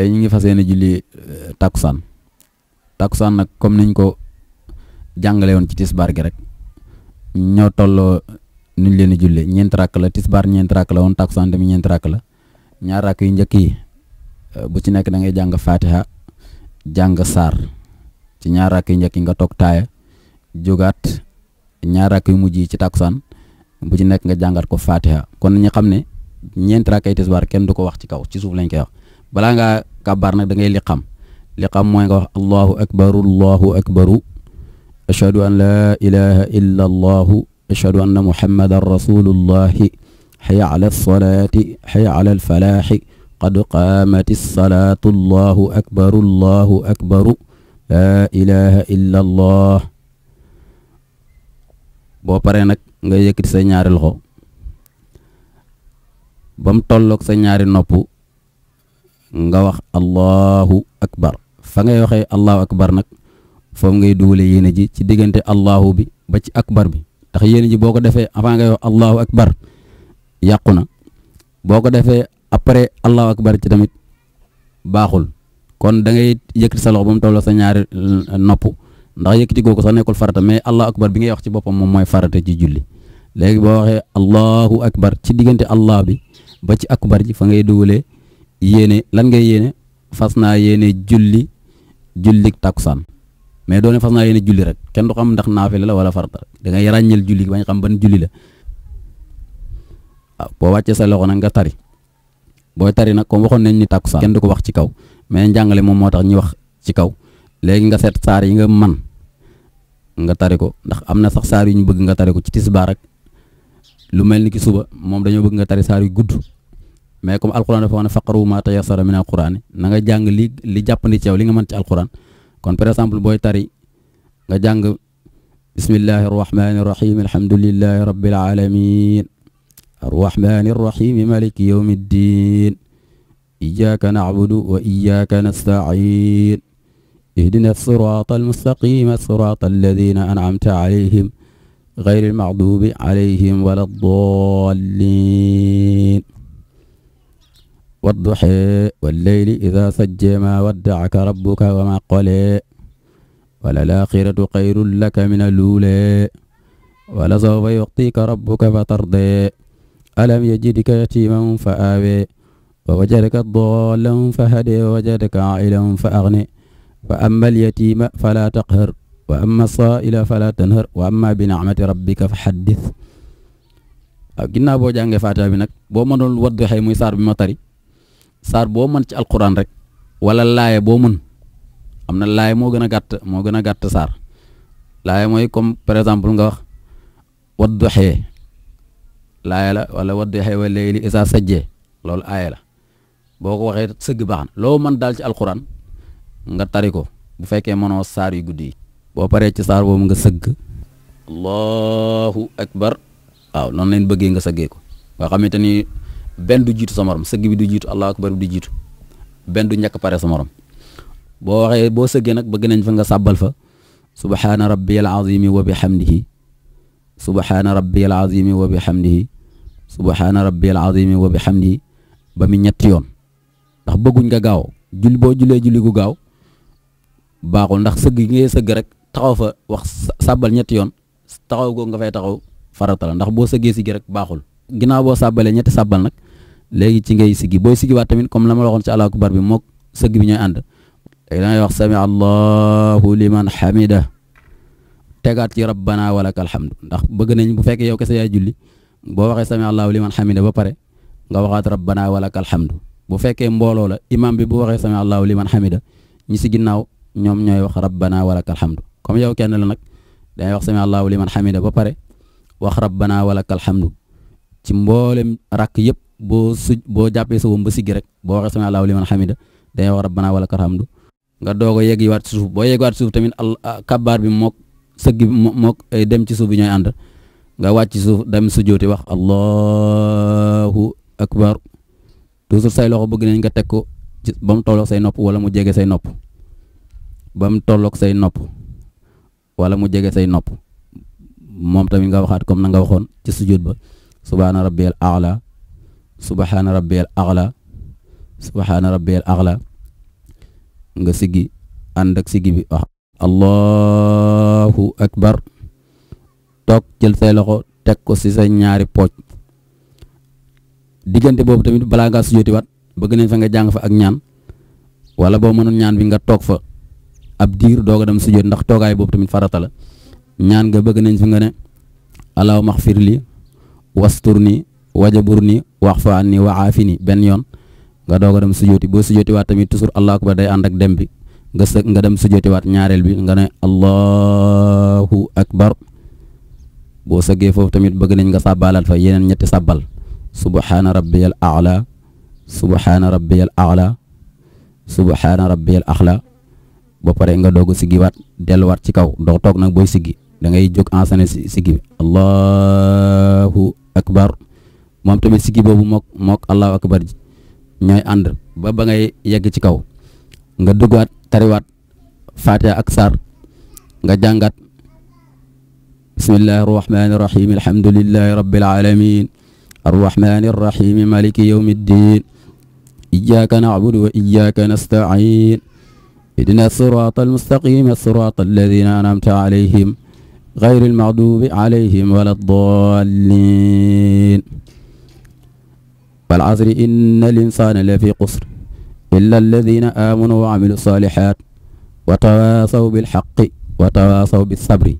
tey ñu ngi fas yéene julli eh, takkusaan takkusaan nag comme niñ ko jàngale woon ci tisbaar gi rek ñoo tolloo niñ leen di jullee ñeenti rakk la tisbaar ñeenti rakk la woon takkusaan mi ñeenti rakk la ñaar rakk yu njëkk yi eh, bu ci nekk da ngay jàng faatiha jàng saar ci ñaar rakk yu njëkk yi nga toog taaya jógaat ñaar rakk yu mujj yi ci takkusaan bu ci nekk nga jàngat ko faatiha kon ñu xam ne ñeenti rakk ay tisbaar kenn du ko wax ci kaw ci suuf lañ koy wax balaa ngaa kàbbaar nag da ngay liqam liqam mooy nga wax allahu akbaru allahu akbaru ashhadu an laa ilaha illa allahu ashhadu anna muhammadan rasulullahi xaya ala alsalaati xaya ala alfalaaxi qad allah boo paree nag nga yëkkati sa ñaari loxo ba mu tolloog sa ñaari nga wax allahu akbar fa ngay waxee allahu akbar nag foofu ngay dugale yéene ji ci diggante allahu bi ba ci akbar bi ndax yéene ji boo ko defee avant ngay wax allahu akbar yàqu na boo ko defee après allahu akbar ci tamit baaxul kon da ngay yëkkati sa loxo ba mu tolloo sa ñaari eh, nopp ndax yëkkati googu sax nekkul farata mais allahu akbar bi ngay wax ci boppam moom mooy farata ci julli léegi boo waxe allahu akbar ci diggante allah bi ba ci akbar ji fa ngay dugalee yéene lan ngay yéene fas naa yéene julli jullik takkusaan mais doone fas naa yéene julli rek kenn du xam ndax naafila la wala farata da ngay ràññeel julli bañ xam ban julli la waaw ah, boo wàccee sa loxo nag nga tari booy tari nag comme waxoon nañ ni takkusaan kenn du ko wax ci kaw mais njàngale moom moo tax ñu wax ci kaw léegi nga seet saar yi nga man nga tari ko ndax am na sax saar yu ñu bëgg nga tari ko ci tisbaar ak lu mel ni ki suba moom dañoo bëgg nga tari saar yu mais comme alquran dafa wax ne faqaru ma tayassara min alquran na nga li li jàppandi ci li nga mën ci alquran kon par exemple booy tari nga jàng bismillahi arrahmani irrahim alhamdulilahi rabbil alamin arrahmani irrahimi maliki yawmi ddin iyyaka na'budu wa iyyaka nasta'in ihdina sirata almustaqima sirata alladina an'amta alayhim غير المغضوب عليهم ولا الضالين والضحى والليل إذا سجى ما ودعك ربك وما قلى وللآخرة خير لك من الأولى ولسوف يعطيك ربك فترضى ألم يجدك يتيما فآوى ووجدك ضالا فهدى ووجدك عائلا فأغنى فأما اليتيم فلا تقهر وأما الصائل فلا تنهر وأما بنعمة ربك فحدث ginnaaw boo jàngee faatiha bi nag boo mënul waddu xëy muy saar bi ma tari saar boo mën ci alquran rek wala laaye boo mën am na laaye moo gën a gàtt moo gën a gàtt saar laaye mooy comme par exemple nga wax wadduxee laaye la wala wadduxee wa layli isa sajjee loolu aaye la boo ko waxee sëgg baxan loo mën daal ci alquran nga tari ko bu fekkee mënoo saar yu guddi yi boo paree ci saar boobu nga sëgg allahu akbar waaw noonu leen bëggee nga sëggee ko nga xamante benn du jiitu sa morom sëgg bi du jiitu allahu akbar bi du jiitu benn du ñàkk pare sa boo waxee boo sëggee nag bëgg nañ fa nga sàbbal fa subhaana rabbiyal azimi wa bihamdihi subhaana rabbiyal azimi wa bihamdihi subhaana rabbiyal azimi wa bihamdihi ba mi ñetti yoon ndax bëgguñ nga gaaw julli boo jullee julli gu gaaw baaxul ndax sëgg ngay sëgg rek taxaw fa wax sàbbal ñetti yoon taxaw googu nga fay taxaw faratal la ndax boo sëggee si gi rek baaxul ginnaaw boo sàbbalee ñetti sàbbal nag léegi ci ngay siggi booy siggi waat tamit comme la ma waxoon ci allahu akbar bi mook sëgg bi ñooy ànd léegi da ngay wax sami allahu liman hamida tegaat ci rabbana walakal hamdu ndax bëgg nañ bu fekkee yow kese yaay julli boo waxee sami allahu liman hamida ba pare nga waxaat rabbana walakal hamdu bu fekkee mbooloo la imam bi boo waxee sami allahu liman hamida ñi si ginnaaw ñoom ñooy wax rabbana walakal hamdu comme yow kenn la nag da ngay wax sami allahu liman hamida ba pare wax rabbana walakal hamdu ci mboolem rakk yëpp boo su boo jàppee sa wom ba siggi rek boo waxee sami allahu liman xamida day wax rabbana wala karhamdu nga doog a yegg waat suuf boo yegg waat suuf tamit al ah, kabaar bi mook sëgg bi mook eh, dem ci suuf bi ñooy ànd nga wàcc suuf dem sujjóoti wax allahu akbar toujours say loxo bëgg nañ nga teg ko ba mu tolloog say nopp wala mu jege say nopp ba mu tolloog say nopp wala mu jege say nopp moom tamit nga waxaat comme na nga waxoon ci sujjóot ba subhaana rabbiyal aala subhaana rabbiyal axla subhaana rabbiyal axla nga siggi ànd ak siggi bi wax allahu akbar toog jël say loxo teg ko si sa ñaari pooj diggante boobu tamit balaa nga sujjóoti waat bëgg nañ fa nga jàng fa ak ñaan wala boo mënoon ñaan bi nga toog fa ab diir doog a dem sujjóot ndax toogaay boobu tamit farata la ñaan nga bëgg nañ nga ne allahumma xfir li wastur wax fa anni wa aafini benn yoon nga doog a dem sujjooti boo waat tamit toujours allahu akbar day ànd ak dem bi nga së nga dem waat ñaareel bi nga ne allahu akbar boo sëggee foofu tamit bëgg nañ nga sàbbaalaat fa yeneen ñetti sàbbal subhaana rabbiyal a'la subhaana rabbiyal a'la subhaana rabbiyal a'la ba pare nga doog a siggiwaat delluwaat ci kaw doo toog nag booy siggi dangay ngay jóg ensene siggi allahu akbar moom tamit sikki boobu mook mook allahu akbar ji ñooy ànd ba ba ngay yegg ci kaw nga duggaat tariwaat fatiha ak saar nga jàngat bismillahi arrahmani irrahim alhamdulilahi rabbil alamin arrahmani irrahimi maliki yawmi ddin iyyaka na'budu wa iyyaka nasta'in ihdina sirata almustaqima sirata alladina an'amta alayhim غير المغضوب عليهم ولا الضالين wal asri inna al insaana la fi qusr illa alladina aamanu wa amilu salihat wa tawaasaw bil xaqi wa tawaasaw bis sabri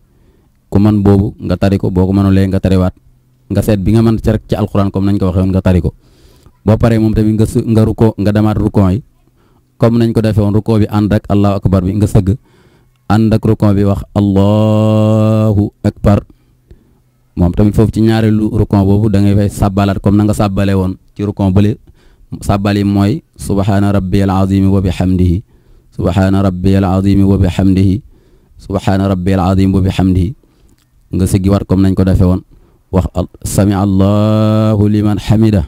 ku man boobu nga tari ko boo ko mënulee nga tariwaat nga seet bi nga mën ci rek ci alxuraan comme nañ ko waxee woon nga tari ko boo paree moom tamit nga su nga rukkoo nga demaat rukkoo yi comme nañ ko defee woon rukkoo bi ànd ak allahu akbar bi nga sëgg ànd ak bi wax allahu akbar moom tamit foofu ci ñaareelu rukkoo boobu da ngay fay sàbbalaat na nga sàbbalee woon ci rukon bële sàbbal yi mooy subhaana rabbiyal azimi wa bihamdihi subhaana rabbiyal azimi wa bihamdihi subhaana rabbiyal azimi wa bihamdihi nga sëggi waat comme nañ ko defe woon wax sami allahu liman hamida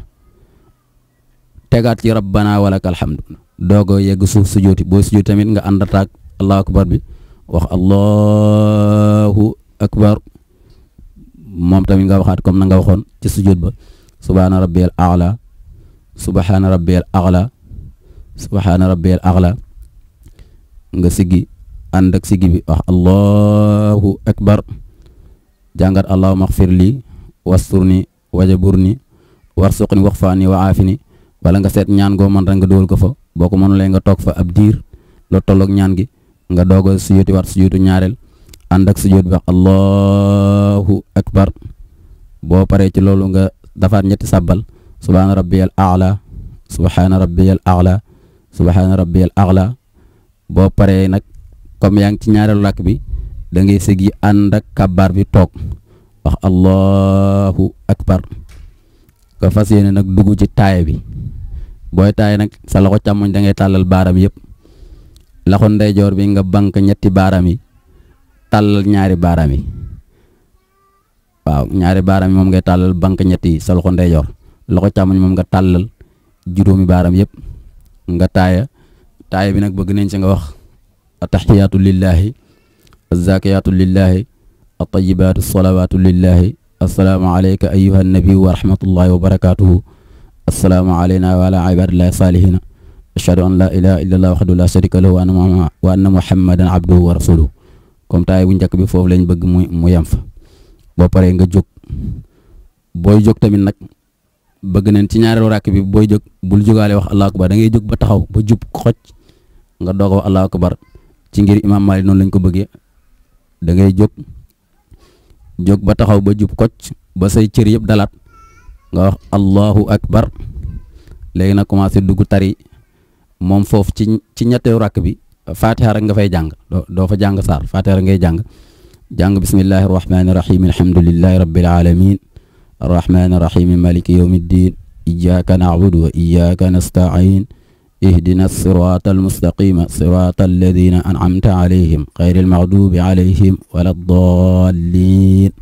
tegaat ci rabbana walakal hamdu doogo yegg suuf sujooti boo tamit nga àndataak allahu akbar bi wax allahu akbar moom tamit nga waxaat comme na nga waxoon ci sujoot ba subhaana rabbiyal a'la subhaana rabbiyal a'la subhaana rabbiyal a'la nga siggi ànd ak siggi bi wax allahu akbar jàngat allahuma axfir lii wasturni wajaburni warsuqni waxfaani wa aafini wala nga seet ñaan goo mën rek nga dugal ko fa boo ko mënulee nga toog fa ab diir loo tolloog ñaan gi nga doog a sujjóoti waat sujjóotu ñaareel ànd ak sujjóot bi allahu akbar boo paree ci loolu dafaat ñetti sàbbal subhaana rabbiyal aala subhaana rabbiyal aala boo paree nag comme yaa ngi ci ñaareelu làkk bi da ngay sëggi ànd ak bi toog wax allahu akbar ko fas yéene nag dugg ci taaya bi booy taay nag sa loxo càmmoñ da ngay tàllal baaram yëpp loxo ndeyjoor bi nga bank ñetti baaram yi tàllal ñaari baaram yi waaw ñaari baaraam moom nga tàllal bank ñett yi sa loxo ndeyjoor moom nga tàllal juróomi baaraam yëpp nga taaya taaya bi nag bëgg nañ si nga wax a lillahi azakiyaatu lillahi atayibaatu salawaatu lillahi assalaamu aleyka ayuha nabiyu wa rahmatullahi wa barakatuhu assalaamu aleyna wa ala ibadillahi saalihina ashhadu an la ilaha illa allah waxdu la sharika lahu wa anna muhammadan abduhu wa rasuluhu taaya bu njëkk bi foofu lañ bëgg mu mu yem boo paree nga jóg booy jóg tamit nag bëgg neen ci ñaareelu rakk bi booy jóg bul jógaale wax allahu akbar da ngay jóg ba taxaw ba jub xoj nga doog a wax ci ngir imaam noonu lañ ko bëggee da ngay jóg ba taxaw ba jub xoj ba say cër yëpp dalaat nga wax allahu akbar léegi nag commencé dugg tari moom foofu ci ci ñetteelu rakk bi faatiha rek nga fay jàng doo fa jàng saar faatiha rek ngay jàng jàng bismillahi arrahmani irrahim alhamdulilahi rabbil alamin arrahmani irrahimi maliki yawmi ddin iyyaka na'budu wa iyyaka nasta'in ihdina sirata almustaqima sirata alladina an'amta alayhim ghayril maghdubi alayhim waladdallin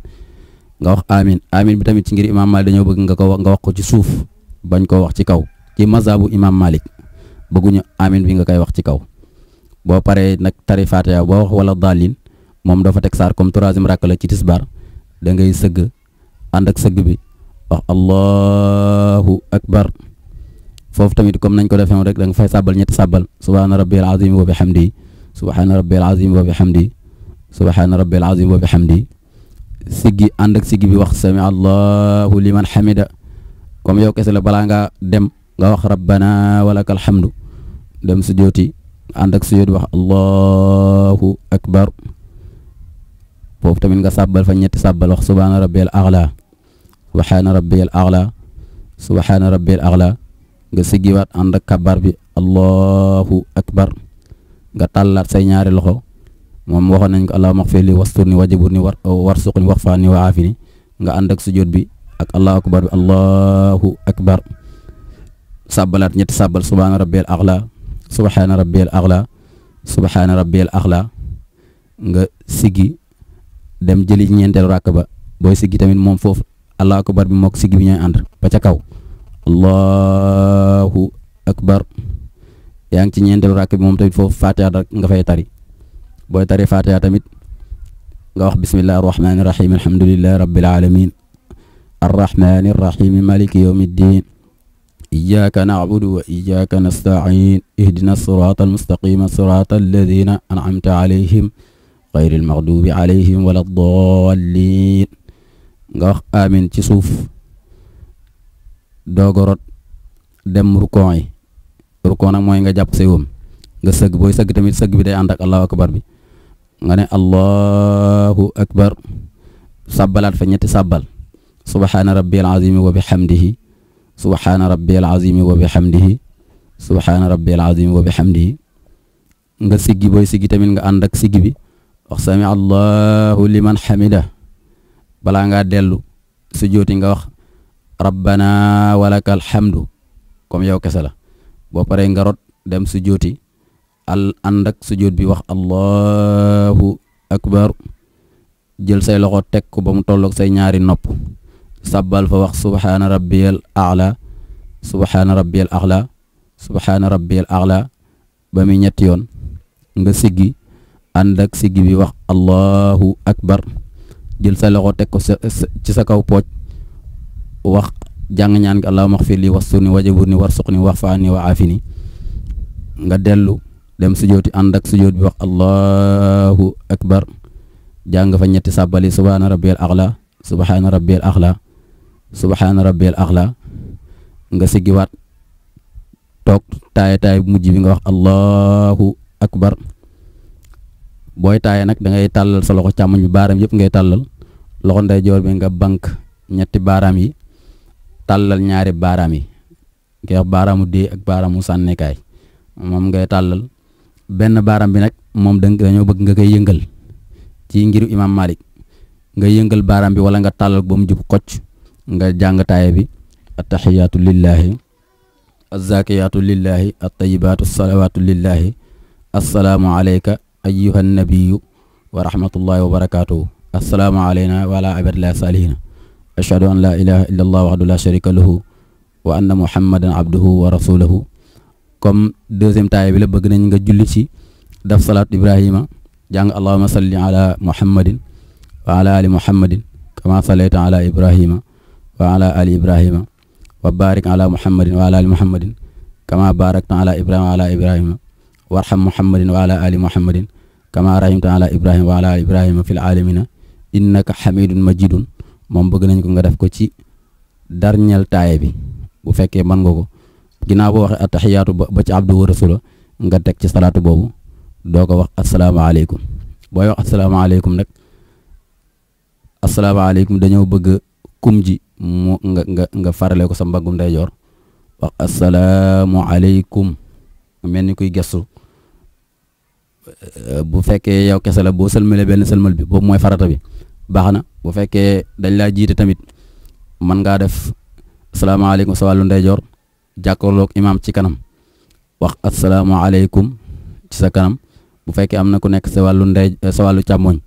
nga wax amin amin bi tamit ci ngir imam malik dañoo bëgg nga ko nga wax ko ci suuf bañ koo wax ci kaw ci mazhabu imam malik bëgguñu amin bi nga koy wax ci kaw boo paree nag tari fatiha boo wax wala daalin moom dafa teg saar comme troisième rakk la ci tisbaar da ngay sëgg ànd ak sëgg bi wax allahu akbar foofu tamit comme nañ ko defee woon rek da nga fay sàbbal ñetti sàbbal subhaana rabbil azim wa bihamdi subhaana rabbil azim wa bihamdi subhaana rabbil azim wa bihamdi siggi ànd ak siggi bi wax sami allahu liman hamida comme yow kese la balaa nga dem nga wax rabbana walakal hamdu dem su jooti ànd wax allahu akbar foofu tamit nga sàbbal fa ñetti sàbbal wax subhaana rabbiyal a'la subhaana rabbiyal a'la subhaana rabbiyal nga siggiwaat ànd ak kabar bi allahu akbar nga tàllaat say ñaari loxo moom waxoon nañ ko allahumma ighfir li wasturni wajburni war warsuqni waxfaani wa aafini nga ànd ak sujjóot bi ak allahu akbar bi allahu akbar sàbbalaat ñetti sàbbal subhaana rabbiyal a'la subhaana rabbiyal a'la subhaana rabbiyal nga siggi dem jëli ñeenteelu ràkk ba booy siggi tamit moom foofu allahu akbar bi mook siggi bi ñooy ànd ba kaw allahu akbar yaa ngi ci ñeenteelu ràkk bi moom tamit foofu fatiha rek nga fay tari booy tari fatiha tamit nga wax bismillahi arrahmani irrahim alhamdulilahi rabbil alamin arrahmani irrahimi maliki yawmi ddin iyyaka na'budu wa iyyaka nasta'in ihdina sirata almustaqima sirata alladhina an'amta alayhim xayril maxduubi alayhim wala daalliin nga amin ci suuf doogorot dem rukon yi rukon nag nga jàpp say wëm nga sëgg booy sëgg tamit sëgg bi day ànd ak allahu akbar bi nga ne allahu akbar sàbbalaat fa ñetti sàbbal subhaana rabbil azimi wa bihamdihi subhaana rabbil azimi wa bihamdihi subhaana rabbil azimi wa bihamdihi nga siggi booy siggi tamit nga ànd ak siggi bi wax sami allahu liman xamida balaa ngaa dellu su jooti nga wax rabbana walaka alhamdu comme yow kese la boo paree nga rot dem su jooti al ànd ak bi wax allahu akbar jël say loxo teg ko ba mu tolloog say ñaari nopp sabbal fa wax subhaana rabbiyal a'la subhaana rabbiyal a'la ba muy ñetti yoon nga siggi ànd ak bi wax allahu akbar jël sa loxo teg ko ci sa kaw pooj wax jàng ñaan gi allahumma xfir li wasturni wajburni warsuqni waxfaani wa aafini nga dellu dem sujooti ànd ak sujoot bi wax allahu akbar jàng fa ñetti sàbbali subhaana rabbiyal axla subhaana rabbiyal axla nga siggiwaat toog taaya taay bu mujj bi nga wax allahu akbar booy taaye nag da ngay tàllal sa loxo càmmoñ bi baaraam yëpp ngay tàllal loxo nday ndeyjoor bi nga bank ñetti baaraam yi tàllal ñaari baaraam yi ngay wax baaraamu dee ak baaraamu sànnikaay moom ngay tàllal benn baaraam bi nag moom ñëw bëgg nga koy yëngal ci ngiru imaam Malik nga yëngal baaraam bi wala nga tàllal ba mu jub kocc nga jàng taaye bi attaxiyaatu lillahi azzakiyaatu lillahi attayibaatu salawaatu lillahi assalaamu aleyka ayyuha nabiyu wa rahmatullahi wa barakatuhu assalaamu alayna wa ala ibadillahi saalihina an la ilaha illa allah waxdu la sharika lahu wa anna muhammadan abduhu wa rasuluhu comme deuxième taay bi la bëgg nañ nga julli ci daf salaat ibrahima jàng allahuma salli ala muhammadin wa ala ali muhammadin kama sallayta ala ibrahima wa ala ali ibrahima wa barik ala muhammadin wa ala ali kama barakta ala ibrahima wa ala ibrahima warxam muhammadin wa ala ali muhammadin kama rahimta ala ibrahima wa ala ali ibrahima fil alamina innaka xamidun majidun moom bëgg nañ ko nga def ko ci darñel taaye bi bu fekkee mën nga ko ginnaaw boo waxee attaxiyaatu ba ci abdu wa nga teg ci salaatu boobu doo ko wax asalaamaaleykum booy wax asalaamaaleykum nag asalaamaaleykum dañoo bëgg kum ji mu nga farale ko sa mbaggum ndeyjoor wax asalaamualeykum mel ni kuy gestu Euh, bu fekkee yow kese la boo sëlmalee benn sëlmal bi boobu mooy farata bi baax na bu fekkee dañ laa jiite tamit man ngaa def salaamaaleykum sa wàllu ndeyjoor jàkkaarloog imaam ci kanam wax asalaamaaleykum sa kanam bu fekkee am na ku nekk sa wàllu ndey sa wàllu càmmoñ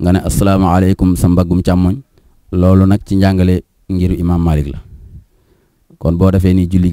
nga ne asalaamaaleykum sa mbaggum càmmoñ loolu nag ci njàngale ngiru imaam Malik la kon boo defee nii julli